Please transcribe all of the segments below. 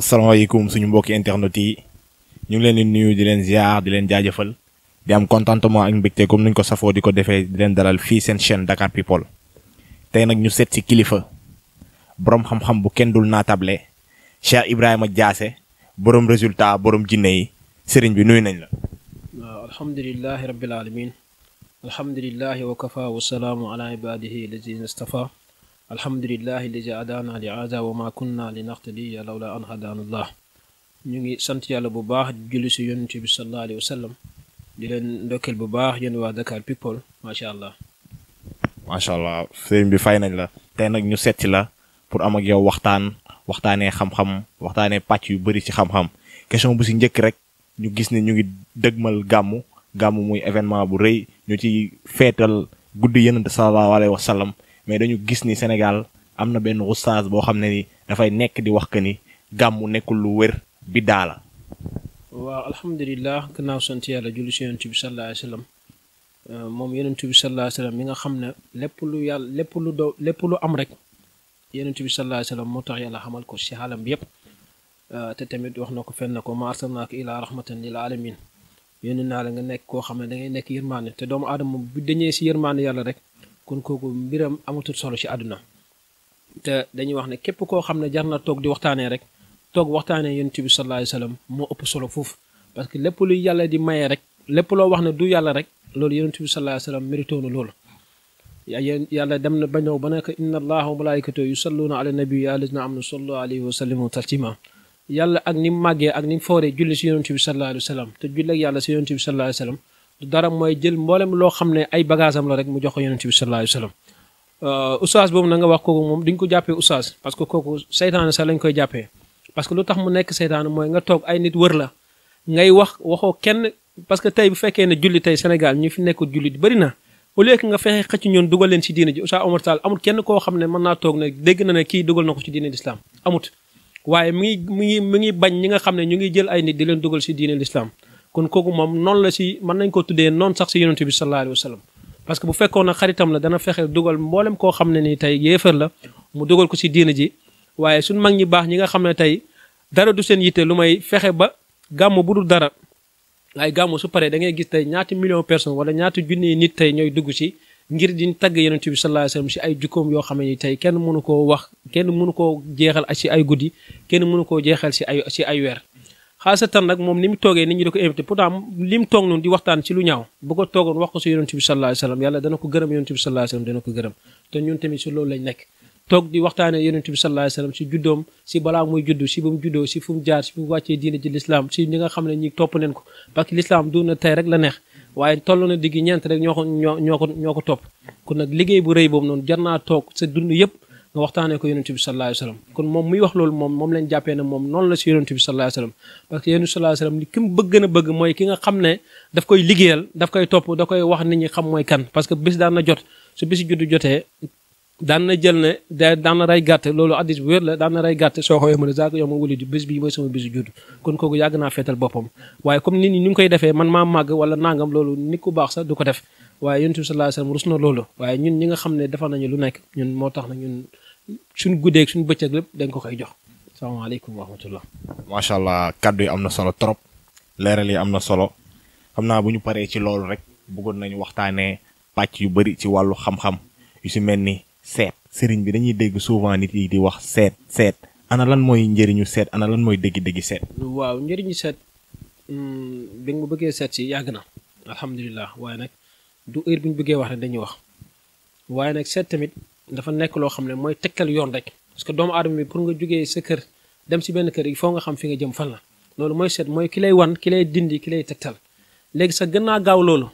asalaamaaleykum suñu mbokki internet yi ñu ngi leen di nuyu di leen ziar di leen jaajëfal di am contentement ak mbégte comme nuñ ko safoo di ko defee di leen dalal fii seen chaîne Dakar People tey nag ñu seet ci kilifa boroom xam-xam bu kenn dul naatable Cheikh Ibrahima Diassé borom résultat borom jinne yi sëriñ bi nuyu nañ la. waaw alhamdulilahi rabbil alamin alhamdulilahi wa alhamdulilahi lidi adaana li aada wa ma kunna li naxtadiya lawla an hadaanallah ñu ngi sant yàlla bu baax di julli si yonent bi sa alayhi wa di leen ndokkeel bu baax yéen waa Dakar People macha allah macha allah sëriñ bi fay nañ la tey nag ñu setti la pour am ak yow waxtaan waxtaanee xam-xam waxtaanee pàcc yu bëri ci xam-xam question bu si njëkk rek ñu gis ni ñu ngi dëgmal gàmmu gàmmu muy événement bu rëy ñu ci feetal guddi yonent sallallahu alayhi wa sallam mais dañu gis ni Sénégal am na benn oustaz boo xam ne ni dafay nekk di wax que ni gàmmu nekkul lu wér bi daala waaw alhamdulilah gannaaw sant yàlla julli si yonent bi sallallahu alayhi wa sallam euh, moom yonent bi sallallahu alayhi wa sallam mi nga xam ne lépp lu yàlla lépp lu do lépp lu am rek yonent bi sallallahu alayhi wa moo tax yàlla xamal ko si xaalam bi yëpp euh, te tamit wax na ko fenn ko ma arsalnaaka ilaa rahmatan lil alamin yónni naa la nga nekk koo xam ne da ngay nekk yërmaane te doomu aadama bu dañee si yërmaane yàlla rek kon kooku mbiram amatul solo si àdduna te dañu wax ne képp koo xam ne jar na toog di waxtaanee rek toog waxtaanee yonent bi sallallahu alayhi wasallam moo ëpp solo foofu parce que lépp lu yàlla di maye rek lépp loo wax ne du yàlla rek loolu yonent bi sallallahu alayhi wasallam mérito na loolu yàlla dem na bañow ba nekk inna allaha wa malaikatahu yusalluna ala nabi ya allazina amanu sallu alayhi wa sallimu taslima yàlla ak ni mu màggee ak ni mu fooree julli ci yonent bi sallallahu alayhi wasallam te julli ak yàlla ci yonent bi sallallahu alayhi wasallam du dara mooy jël mboolem loo xam ne ay bagage am la rek mu jox ko yonent bi sallallahu alayhi wa sallam euh, boobu na nga wax kooku moom duñ ko jàppee oustaz parce que kooku seytaane sax lañ koy jàppee parce que lu tax mu nekk seytaane mooy nga toog ay nit wër la ngay wax waxoo kenn parce que tey bu fekkee ne julli tey Sénégal fi nekk jullit bëri na au nga fexe xëcc ñoon dugal leen ci diine ji Oustaz Omar Tall amut kenn koo xam ne mën naa toog ne dégg na ne kii dugal na ko ci diine lislaam amut waaye mi ngi mi ngi mi ngi bañ ñi nga xam ne ñu ngi jël ay nit di leen dugal ci diine lislaam kon kooku moom noonu la si mën nañ ko tuddee noonu sax si yonent bi sallallahu alayhi wa sallam parce que bu fekkoon na xaritam la dana fexe dugal mboolem koo xam ne ni tey yéefar la mu dugal ko si diina ji waaye suñ mag ñi baax ñi nga xam ne tey dara du seen yitte lu may fexe ba gàmm bu dul dara waaye gàmm su paree da ngay gis tey ñaati million personnes wala ñaati junni nit tey ñooy dugg si ngir di tagg yonent bi sallallahu alayhi si ay jukkoom yoo xam ni tey kenn mënu koo wax kenn mënu koo jeexal si ay guddi kenn mënu koo jeexal si ay si ay weer tan nag moom ni mu toogee ni ñi da ko invité pourtant li mu toog noonu di waxtaan ci lu ñaaw bu ko toogoon wax ko si yonent bi sallallahu alayhi wasallam yàlla dana ko gërëm di waxtaane yonent bi sallallahu alayhi wasallam si juddoom si balaa muy judd si ba mu juddoo si fu mu jaar si fu mu wàccee diine ji lislaam si ñi nga xam ne ñi topp neen ko parce que lislaam du na tey rek la neex waaye toll na diggi ñeent rek ñoo ko ñoo ñoo ko ñoo ko topp kon nag liggéey bu rëy boobu noonu jar naa toog sa dund yëpp nga waxtaanee ko yonent bi sallallahu alayhi wa sallam kon moom muy wax loolu moom moom lañ jàppee ne moom noonu la si yonent bi sallallahu alayhi wa sallam parce daf koy liggéeyal daf koy wax nit ñi xam mooy kan parce que bis daan jot su bisi judd jotee daan na jël ne da daan na rey gàtt loolu addis bu daan na rey gàtt soo xawee mën a zaako yow ma wuli bés bii mooy sama bisu judd kon kooku yàgg naa feetal koy defee man maa màgg wala nangam loolu nit ku baax ko def waaye yonent bi sallallahu alayhi rus na loolu waaye ñun ñi nga xam ne defal nañu lu nekk ñun moo tax na ñun suñ guddeeg suñ bëccëg lépp da ko koy jox. salaamaaleykum wa rahmatullah. macha allah kàddu yi am na solo trop leeral yi am na solo xam naa bu ñu paree ci loolu rek buggoon nañu waxtaanee pàcc yu bari ci wàllu xam-xam yu si mel ni seet. sëriñ bi dañuy dégg souvent nit yi di wax seet seet ana lan mooy njëriñu seet ana lan mooy dégg déggi seet. waaw njëriñu seet hmm, bi nga bëggee seet si yàgg na. alhamdulilah waaye nag du heure bu ñu bëggee wax rek dañuy wax dafa nekk loo xam ne mooy tegtal yoon rek parce que doomu aadama bi pour nga jógee sa kër dem si benn kër il faut nga xam fi nga jëm fan la loolu mooy set mooy ki lay wan ki lay dindi ki lay tegtal léegi sa gën naa gaaw loolu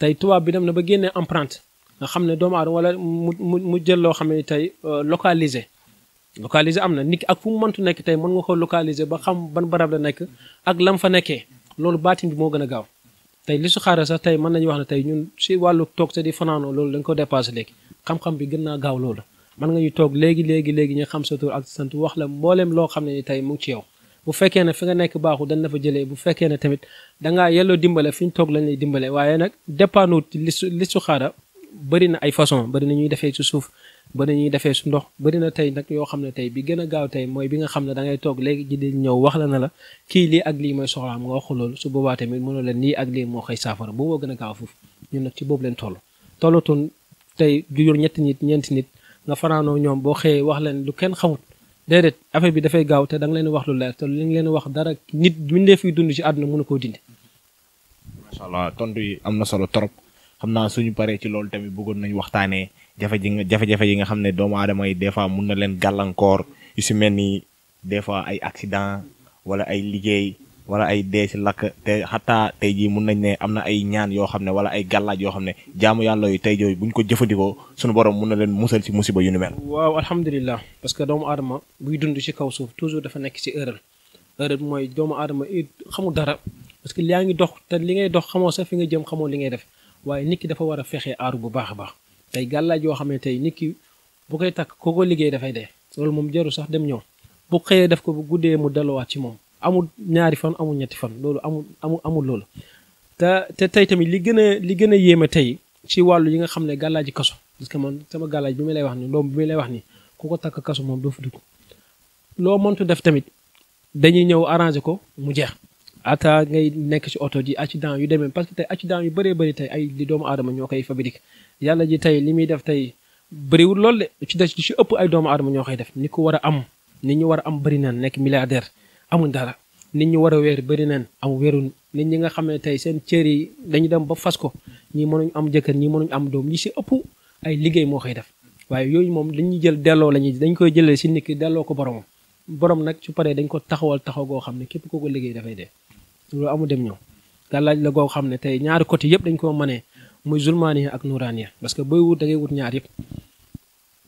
tey tubaab bi dem na ba génnee empreinte nga xam ne doomu aadama wala mu mu mu jël loo xam ne tey localiser euh, localiser am na nit ki ak fu mu mëntu nekk tey mën nga ko localiser ba xam ban barab la nekk ak lam fa nekkee loolu baatin bi moo gën a gaaw tey li su xaare sax tey mën nañu wax ne tey ñun si wàllu toog sa di fanaanoo loolu dañ ko dépassé léegi xam-xam bi gën naa gaaw loolu mën nga ñu toog léegi léegi léegi ñu xam sa tur ak sant wax la mbooleem loo xam ne ni tey mu ngi ci yow bu fekkee ne fi nga nekk baaxu dañ la fa jëlee bu fekkee ne tamit dangaa yelloo dimbale fi ñu toog lañ lay dimbale waaye nag dépanut li su li su xaara bëri na ay façon bëri na ñuy defee ci suuf ba ñuy defee su ndox bëri na tey nag yoo xam ne tey bi gën a gaaw tey mooy bi nga xam ne dangay toog léegi ji di ñëw wax la na la kii lii ak lii mooy soxlaam nga wax loolu su boobaa tamit mënu leen lii ak lii moo xëy saafara bu a gaaw foofu ñun nag boobu leen toll tollatoon tey juyóor ñetti nit ñeenti nit nga fanaanoo ñoom boo xëyee wax leen lu kenn xamut déedéet affaire bi dafay gaaw te da leen wax lu leer te li nga leen wax dara nit mindee fiy dund ci àdduna mënu koo dindi macha allah tontu yi am na solo trop xam naa suñu paree ci loolu tamit bëggoon nañ waxtaanee jafe ji nga jafe-jafe yi nga xam ne doomu aadama yi des fois mun na leen gàllankoor yu si mel nii des fois ay accident wala ay liggéey wala ay dee si lakk te xataa tey jii mun nañ ne am na ay ñaan yoo xam ne wala ay gàllaaj yoo xam ne jaamu yàlla yu tey jooyu bu ko jëfandikoo suñu borom mun na leen musal si musiba yu ni mel. waaw alhamdulilah parce que doomu aadama buy dund ci kaw suuf toujours dafa nekk ci erreur erreur mooy doomu aadama xamu dara parce que yaa ngi dox te li ngay dox xamoo sax fi nga jëm xamoo li ngay def waaye nit ki dafa war a fexe aaru bu baax a baax. tey gàllaaj yoo xam ne tey nikki bu koy takk koo ko liggéey dafay de loolu moom jaru sax dem ñëw bu xëyee def ko bu guddee mu delluwaat ci moom amul ñaari fan amul ñetti fan loolu amul amul amul loolu te te tey tamit li gën a li gën a yéeme tey ci wàllu yi nga xam ne gàllaaji kaso parce que man sama gàllaaj bi ma lay wax ni ndoom bi lay wax ni ku ko takk kaso moom doo fa dugg loo mëntu def tamit dañuy ñëw arrangé ko mu jeex ata ngay nekk ci oto ji accident yu demee parce que tey accident yu bëree bëri tey ay li doomu aadama ñoo koy fabrique yàlla ji tey li muy def tey bëriwul lool de ci des ci ëpp ay doomu aadama ñoo koy def ni ko war a am nit ñu war a am bari nañ nekk milliardaire amuñ dara nit ñu war a weer bëri nañ am weeruñ nit ñi nga xam ne tey seen cër yi dañu dem ba fas ko ñii mënuñ am jëkkër ñii mënuñ am doom ñi si ëpp ay liggéey moo koy def waaye yooyu moom dañuy jël delloo la ñuy dañ koy jëlee si nit delloo ko boromam borom nag su paree dañ ko taxawal taxaw goo xam ne képp koo ko liggéey dafay dee loolu amu dem ñëw gàllaaj la goo xam ne tey ñaari côté yëpp dañ ko mënee muy zulmaaniya ak nuraaniya parce que booy wut dangay ngay wut ñaar yëpp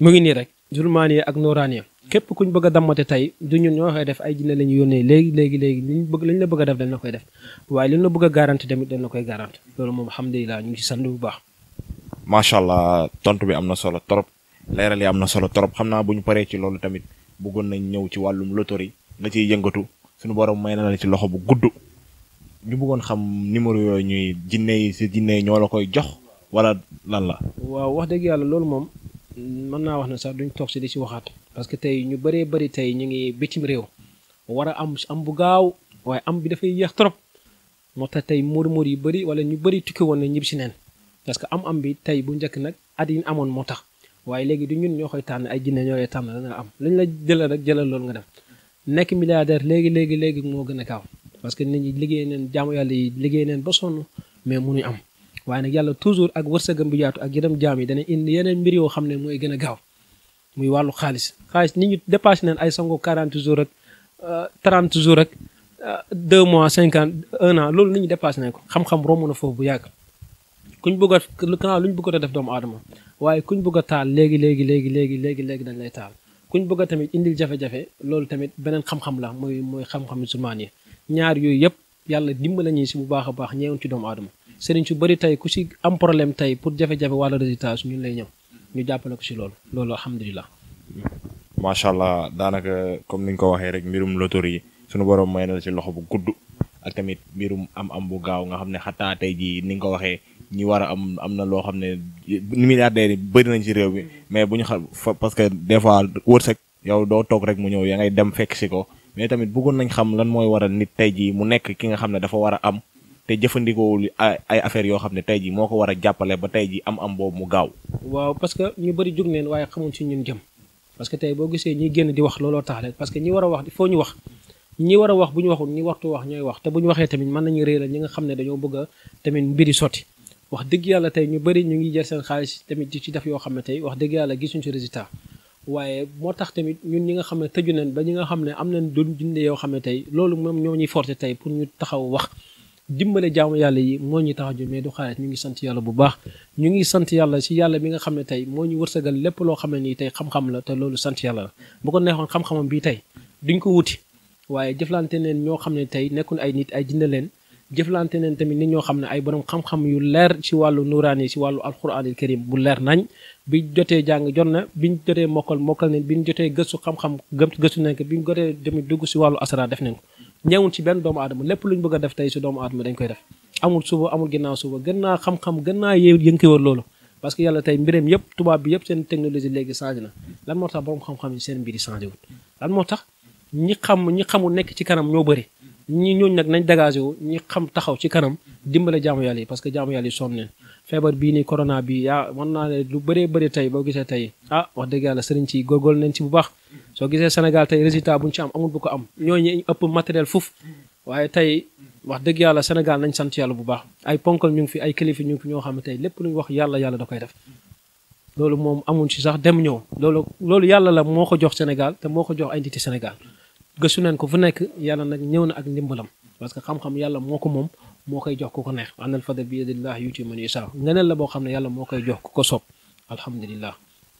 mu ngi nii rek zulmaaniya ak nuraaniya képp ku ñu bëgg a dammate tey du ñu ñoo koy def ay jinne la ñu yónnee léegi léegi léegi liñ bëgg liñ la bëgg a def dañ la koy def waaye liñ la bëgg a garanti tamit dañ la koy garanti loolu moom alhamdulilah ñu ngi ci sant bu baax. macha allah tontu bi am na solo trop leeral yi am na solo trop xam naa bu ñu paree ci loolu tamit bëggoon nañ ñëw ci wàllum lotori nga ciy yëngatu suñu borom may na la ci loxo bu gudd ñu bëggoon xam numéro yooyu ñuy jinne yi si jinne yi ñoo la koy jox wala lan la. waaw wax dëgg yàlla loolu moom mën naa wax ne sax duñ toog si di si waxaat parce que tey ñu bëree bari tey ñu ngi bitim réew war a am am bu gaaw waaye am bi dafay yéex trop moo tax tey móor-móor yu bari wala ñu bëri tukki woon na ñibbi si neen parce que am-am bi tey bu njëkk nag at amoon moo tax waaye léegi du ñun ñoo koy tànn ay jinne ñoo lay tànn danga am lañ la jëlal rek jëlal loolu nga dem nekk milliardaire léegi léegi léegi moo gën a gaaw parce que nit ñi liggéey neen jaamu yàlla liggéey neen ba sonn mais munuñ am waaye nag yàlla toujours ak wërsëgam bu yaatu ak yërëm jaam yi dana indi yeneen mbir yoo xam ne mooy gën a gaaw muy wàllu xaalis xaalis nit ñu dépassé neen ay sango 40 jours euh, rek 30 jours rek 2 euh, mois 50 1 an loolu nit ñu dépassé nañ ko xam-xam romb na foofu bu yàgg kuñ bëgg a kanaa lu ñu bëgg a def doomu aadama waaye kuñ bëgg taal léegi léegi léegi léegi léegi léegi dañ lay taal kuñ bëgg a tamit indil jafe-jafe loolu tamit beneen xam-xam la muy mooy xam-xam musulmaan yi ñaar yooyu yëpp yàlla dimbala ñuy si bu baax a baax ñeewuñ ci doomu aadama sëriñ su bëri tey ku si am problème tey pour jafe-jafe wàllu résultat su ñun lay ñëw ñu jàppale ko si loolu loolu alhamdulilah macha allah daanaka comme ni ñu ko waxee rek mbirum lotori yi suñu borom may na si loxo bu gudd ak tamit mbirum am-am bu gaaw nga xam ne xataa tey jii ni nga ko waxee ñi war a am am na loo xam ne milliardaires yi bëri nañ si réew mi mais bu ñu xam parce que des fois wërsëg yow doo toog rek mu ñëw ya ngay dem fekk si ko mais tamit bëggoon nañ xam lan mooy waral nit tey jii mu nekk ki nga xam ne dafa war a am te jëfandikoowul ay affaires yoo xam ne tey jii moo ko war jàppale ba tey ji am-am boobu mu gaaw. waaw parce que ñu bari jug neen waaye xamuñ ci ñun jëm parce que tey boo gisee ñi génn di wax looloo tax rek parce que ñi war a wax foo ñu wax ñi war a wax bu ñu waxul ñi wartu wax ñooy wax te bu ñu waxee tamit mën nañu réeral ñi nga xam ne dañoo bëgg tamit mbiri sotti wax dëgg yàlla tey ñu bëri ñu ngi jël seen xaalis tamit di ci def yoo xam ne tey wax dëgg yàlla ci résultat waaye moo tax tamit ñun ñi nga xam ne tëju nañ ba ñi nga xam ne am nañ doon dund yoo xam ne tey loolu moom ñoo ñuy forcé tey pour ñu taxaw wax dimbale jaamu yàlla yi moo ñu tax a jóg mais du ñu ngi sant yàlla bu baax ñu ngi sant yàlla si yàlla bi nga xam ne tey moo ñu wërsagal lépp loo xam ne nii tey xam-xam la te loolu sant yàlla la bu ko neexoon xam-xamam bii tey duñ ko wuti waaye jëflante neen ñoo xam ne tey nekku ay nit ay jinne leen jëflante neen tamit nit ñoo xam ne ay borom xam-xam yu leer ci wàllu nuuraan yi ci wàllu alxuraanil karim bu leer nañ biñ jotee jàng jot na biñ jotee mokkal mokkal nañ biñ jotee gëstu xam-xam gëm gëstu nañ ko biñ jotee tamit dugg ci wàllu asara def nañ ko ñëwul ci benn doomu aadama lépp luñ bëgg a def tey ci doomu aadama dañ koy def amul suba amul ginnaaw suba gën naa xam-xam gën naa yee yënki war loolu parce que yàlla tey mbiram yëpp tubaab bi yëpp seen technologie léegi changé na lan moo tax borom xam-xam yi seen mbiri changé wul lan moo tax ñi xam ñi xamul nekk ci kanam ñoo bëri ñi ñooñu nag nañ dégagé wu ñi xam taxaw ci kanam dimbale jaamu yàlla yi parce que jaamu yàlla yi sonn feebar bii nii corona bi yaa ah, mën naa ne lu bëree bëri tey boo gisee tey ah wax dëgg yàlla sëriñ ci góorgóorlu nañ ci bu baax soo gisee Sénégal tey résultat bu ñu ci am amul bu ko am ñooñu ëpp matériel fuf waaye tey wax dëgg yàlla Sénégal nañ sant yàlla bu baax ay ponkal ñu ngi fi ay kilifa ñu ngi fi ñoo xam ne tey lépp lu ñu wax yàlla yàlla da koy def loolu moom amuñ ci sax dem ñëw loolu yàlla la moo ko jox Sénégal te moo ko jox ay nit Sénégal gëstu ko fu nekk yàlla nag ñëw na ak ndimbalam parce que xam-xam yàlla moo ko moom moo koy jox ko ko neex anal fadl bi yadillah yuti man yasha ngeneen la boo xam ne yàlla moo koy jox ko ko soob alhamdulillah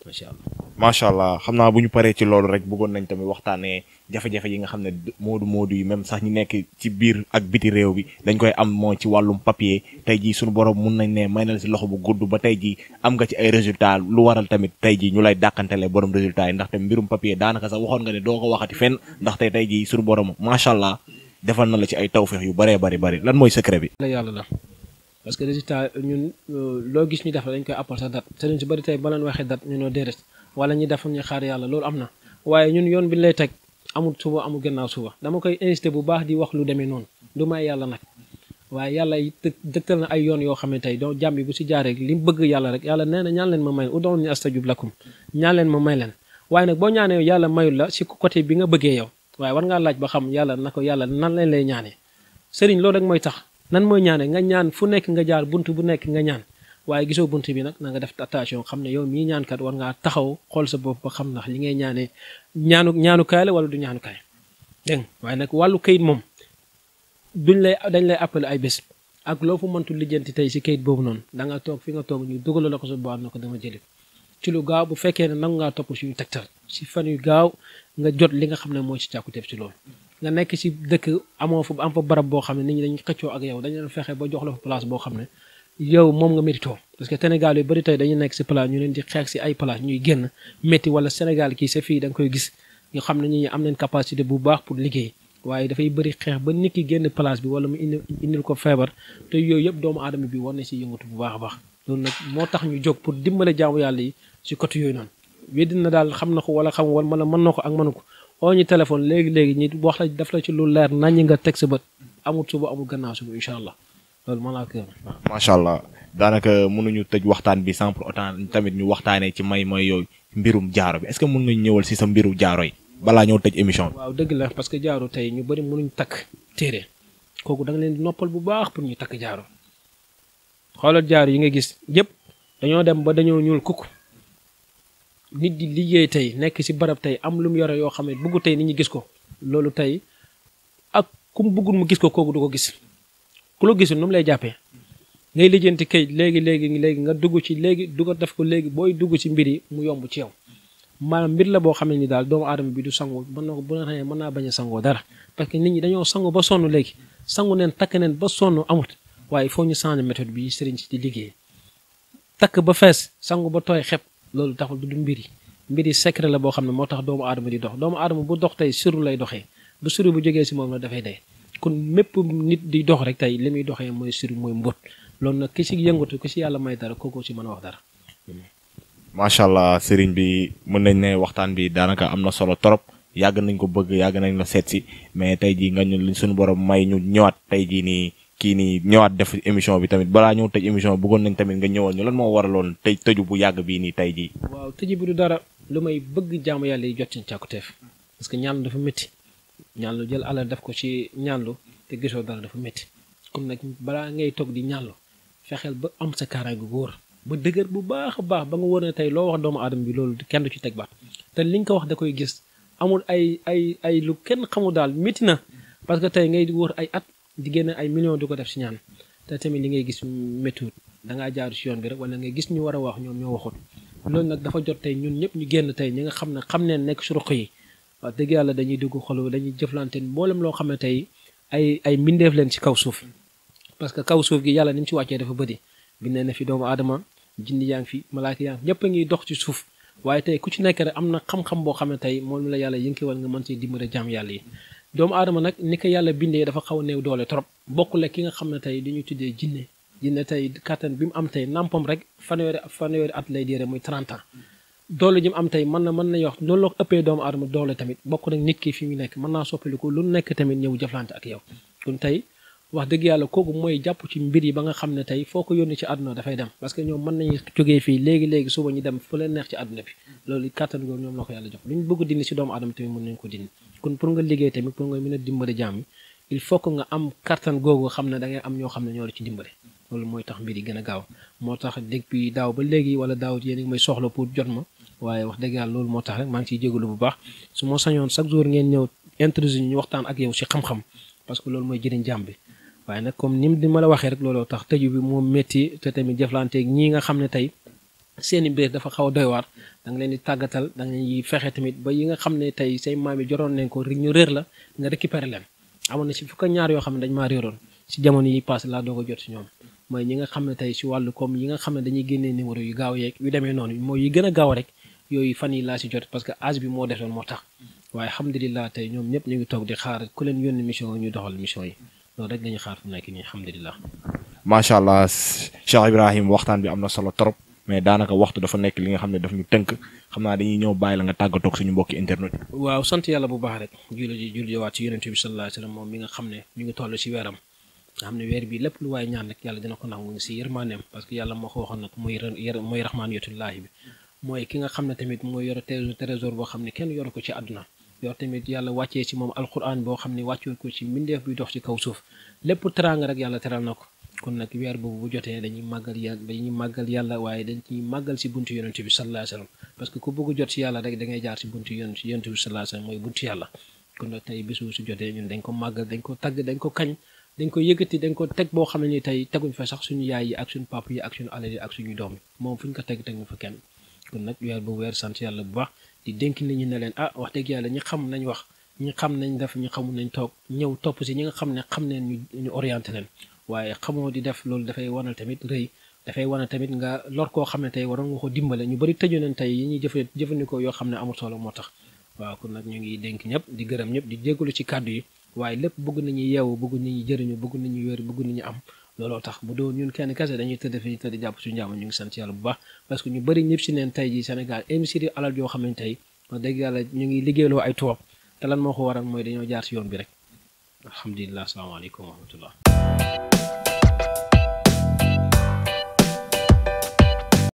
macha allah macha allah xam naa bu ñu paree ci loolu rek bëggoon nañ tamit waxtaanee jafe-jafe yi nga xam ne moodu-moodu yi même sax ñu nekk ci biir ak biti réew bi dañ koy am moo ci wàllum papier tey jii suñu borom mun nañ ne may na si loxo bu gudd ba tey jii am nga ci ay résultat lu waral tamit tey jii ñu lay dàkkantele borom résultat yi ndaxte mbirum papier daanaka sax waxoon nga ne doo ko waxati fenn ndaxte tey jii suñu borom macha allah defal na la ci ay tawféex yu baree bari bari lan mooy secret bi. yàlla la parce que résultat ñun euh, loo gis ñu def dañ koy appal sax date te ñu si bëri tey ba leen waxee date ñu noo déedéet wala ñu def ñu xaar yàlla loolu am na waaye ñun yoon bi lay teg amul suba amul gannaaw suba dama koy insisté bu baax di wax lu demee noonu du may yàlla nag waaye yàlla dëgtal na ay yoon yoo xam ne tey donc jàmm bu si jaaree li bëgg yàlla rek yàlla nee na ñaan leen ma may udoon ni astajub lakum ñaan leen ma may leen waaye nag boo ñaanee yàlla mayul la si côté bi nga bëggee yow waaye war laaj ba xam yàlla na ko yàlla nan lañ lay ñaanee sëriñ loolu rek mooy tax nan mooy ñaanee nga ñaan fu nekk nga jaar bunt bu nekk nga ñaan waaye gisoo bunt bi nag na nga def attention xam ne yow mii ñaankat war ngaa taxaw xool sa bopp ba xam ndax li ngay ñaanee ñaanu ñaanukaay la wala du ñaanukaay dégg waaye nag wàllu kayit moom duñ lay dañ lay appelé ay bés ak loo fu mëntu lijjanti tey si kayit boobu noonu da nga toog fi nga toog ñu dugal la ko sa boîte na ko dama jëli ci lu gaaw bu fekkee ne nangu ngaa topp suñu tegtal si fan yu gaaw nga jot li nga xam ne moo ci càkkuteef ci loolu nga nekk ci dëkk amoo fa am fa barab boo xam ne nit ñi dañuy xëccoo ak yow dañu leen fexe ba jox la boo xam ne yow moom nga méritoo parce que Sénégal yu dañu nekk ci place ñu leen di xeex ci ay place ñuy génn métti wala Sénégal kii sa fii danga koy gis ñu xam ne ñu ñi am nañ capacité bu baax pour liggéey waaye dafay bëri xeex ba nit ki génn place bi wala mu indi indil ko feebar te yooyu yëpp doomu aadama bi war na ci yëngatu bu baax a baax loolu nag moo tax ñu jóg pour dimbale jaamu yàlla yi ci côté yooyu noonu weddi na daal xam na ko wala xam wala mën na ko ak mënu ko oo ñu téléphone léegi léegi ñi wax la def la ci lu leer nañ nga teg sa bët amul suba amul gannaaw suba incha allah loolu mën naa ko macha allah daanaka mënuñu tëj waxtaan bi sans pour tamit ñu waxtaanee ci may may yooyu mbirum jaaro bi est que mën nga ñëwal si sa mbiru jaaro yi balaa ñëw tëj émission bi. waaw dëgg la parce que jaaro tey ñu bëri mënuñ takk téere kooku danga leen noppal bu baax pour ñu takk jaaro xoolal jaaro yi nga gis yëpp dañoo dem ba dañoo ñuul kukk nit di liggéey tey nekk ci barab tey am lu mu yore yoo xam ne bëggu tey nit ñi gis ko loolu tey ak kum mu bëggul mu gis ko kooku du ko gis ku la gis nu lay jàppee ngay lijjanti kay léegi léegi léegi nga dugg ci léegi dugg def ko léegi booy dugg ci mbir yi mu yomb ci yow maanaam mbir la boo xam ni daal doomu aadama bi du sangu mën na ko bu ne mën naa bañ sangoo dara parce que nit ñi dañoo sangu ba sonn léegi sangu neen takk neen ba sonn amut waaye foo ñu changer méthode bi sëriñ si di liggéey ba fees sangu ba tooy xep loolu taxul du mbir yi mbir yi secret la boo xam ne moo tax doomu aadama di dox doomu aadama bu dox tey suru lay doxee bu suru bu jógee si moom la dafay dee kon mépp nit di dox rek tey li muy doxee mooy suru mooy mbóot loolu nag ki si yëngatu ki si yàlla may dara kooku si mën a wax dara. macha allah sëriñ bi mën nañ ne waxtaan bi daanaka am na solo trop yàgg nañ ko bëgg yàgg nañ la seet si mais tey jii nga ñu suñu borom may ñu ñëwaat tey jii nii kii nii ñëwaat def émission bi tamit balaa ñëw tëj émission bi bëggoon nañ tamit nga ñëwal ñu lan moo waraloon tëj tëju bu yàgg bii nii tey jii. waaw tëju bu du dara lu may bëgg jaamu yàlla yi jot ci càkkuteef parce que ñaan dafa métti ñaan lu jël alal def ko ci ñaan te gisoo dara dafa métti comme nag balaa ngay toog di ñaan lu fexeel ba am sa kaaraange gu wóor ba dëgër bu baax a baax ba nga wóor ne tey loo wax doomu aadama bi loolu kenn du ci teg baat te li ko wax da koy gis amul ay ay ay lu kenn xamul daal métti na parce que ngay wóor ay at di génne ay million di ko def si ñaan te tamit li ngay gis méttiwut da ngaa jaar si yoon bi rek wala nga gis ñu war a wax ñoom ñoo waxut loolu nag dafa jot tey ñun ñëpp ñu génn tey ñi nga xam ne xam ne nekk si ruq yi wax dëgg yàlla dañuy dugg xolu dañuy jëflante mboolem loo xam ne tey ay ay mbindeef leen si kaw suuf parce que kaw suuf gi yàlla ni mu si wàccee dafa bëri bind na fi doomu aadama jindi yaa fi malaaka yaa ngi ñëpp ngi dox ci suuf waaye tey ku ci nekk rek am na xam-xam boo xam ne tey moom la yàlla yënkiwal nga mën si dimbale jaam yàlla yi doomu aadama nag ni ko yàlla bindee dafa xaw a néew doole trop bokk ak ki nga xam ne tey dañuy tuddee jinne jinne tey kàttan bi mu am tey nàmpam rek fanweeri fanweeri at lay diire muy 30 ans doole ji mu am tey mën na mën na wax noonu la ko ëppee doole tamit bokk nag nit ki fi mu nekk mën naa soppaliku lu nekk tamit ñëw jëflante ak yow kon tey wax dëgg yàlla kooku mooy jàpp ci mbir yi ba nga xam ne tey foo ko yónni ci àdduna dafay dem parce que ñoom mën nañu jógee fii léegi léegi suba ñu dem fu leen neex ci àdduna bi loolu kattan googu ñoom la ko yàlla jox lu ñu bëgg dindi si doomu aadama tamit mën nañu ko dindi kon pour nga liggéey tamit pour nga mën a dimbali jaam il faut que nga am kattan googu xam ne da ngay am ñoo xam ne ñoo la ci dimbali loolu mooy tax mbir yi gën a gaaw moo tax depuis daaw ba léegi wala daaw yéen a may soxla pour jot ma waaye wax dëgg loolu moo tax rek maa ngi ciy jégalu bu baax su ma sañoon chaque jour ngeen ñëw introduire ñu waxtaan ak yow si xam-xam parce que loolu mooy jëriñ jaam bi waaye nag comme ni ma la waxee rek looloo tax tëju bi moom métti te seeni mbir dafa xaw a doy waar da nga leen di tàggatal da nga leen fexe tamit ba yi nga xam ne tey say maam yi joroon nañ ko ñu réer la nga récupérer leen amoon na si fukk ñaar yoo xam ne dañ maa réeroon si jamono yi passé laa doog a jot si ñoom mooy ñi xam ne tey si wàllu nga xam ne dañuy génnee numéro yu gaaw yeeg yu demee noonu mooy yu gën a gaaw rek yooyu fan yi laa si jot parce que âge bi moo defoon moo tax waaye alhamdulilah tey ñoom ñu ngi toog di xaar ku leen yónni mission ñu doxal mission yi loolu rek la ñuy xaar fu nekk nii alhamdulilah macha allah waxtaan bi am na solo trop mais daanaka waxtu dafa nekk li nga xam ne daf ñu tënk xam naa dañuy ñëw bàyyi la nga tàggatoo ak suñu mbokki internet waaw sant yàlla bu baax rek julli ji julli ji waat ci yonent bi sallallahu alayhi wa sallam moom mi nga ne ñu ngi ko nangu si yërmaaneem parce que yàlla moo ko waxoon nag muy mooy raxmaan yotullaahi bi mooy ki nga xam ne tamit mooy yor trésor boo xam ne kenn yoru ko ci àdduna yor tamit yàlla wàccee ci moom alquran boo xam ne wàccul ko ci mbindeef bi dox ci kaw suuf lépp teraanga rek yàlla teral na ko kon nag weer boobu bu jotee dañuy màggal yàlla dañuy màggal yàlla waaye dañuy màggal si buntu yonent bi sallallahu alayhi wasallam parce que ku bëgg jot si yàlla rek da ngay jaar si buntu yonent yonent bi sallallahu alayhi wasallam mooy buntu yàlla kon tey bés bu si jotee ñun dañ ko màggal dañ ko tagg dañ ko kañ dañ ko yëkkati dañ ko teg boo xam ne ni tey teguñ fa sax suñu yaay yi ak suñu papa yi ak suñu alal ak suñu doom yi moom fu ko teg teg ñu fa kenn kon nag weer sant yàlla bu baax di dénk nit ñi ne leen ah wax dëgg yàlla ñi xam nañ wax ñi xam nañ def ñi xamul nañ toog ñëw topp si ñi nga xam ne xam neen ñu orienté leen waaye xamoo di def loolu dafay wanal tamit rëy dafay wane tamit nga lor koo xam ne tey waroon nga ko dimbale ñu bëri tëju nañ tey yi ñuy jëfe jëfandikoo yoo xam ne amul solo moo tax waaw kon nag ñu ngi dénk ñëpp di gërëm ñëpp di jégalu ci kàddu yi waaye lépp bëgg nañu yeewu bëgg nañu jëriñu bëgg nañu wér bëgg nañu am looloo tax mu doon ñun kenn kese dañuy tëdd fi ñu tëdd jàpp suñu jàmm ñu ngi sant yàlla bu baax parce ñu bëri ñëpp si neen tey ji Sénégal émission yi alal yoo xam ne tey ñu ngi liggéeyloo ay tubaab lan moo ko waral mooy dañoo jaar si yoon bi rek alhamdulilah asalaamaaleykum wa rahmatullah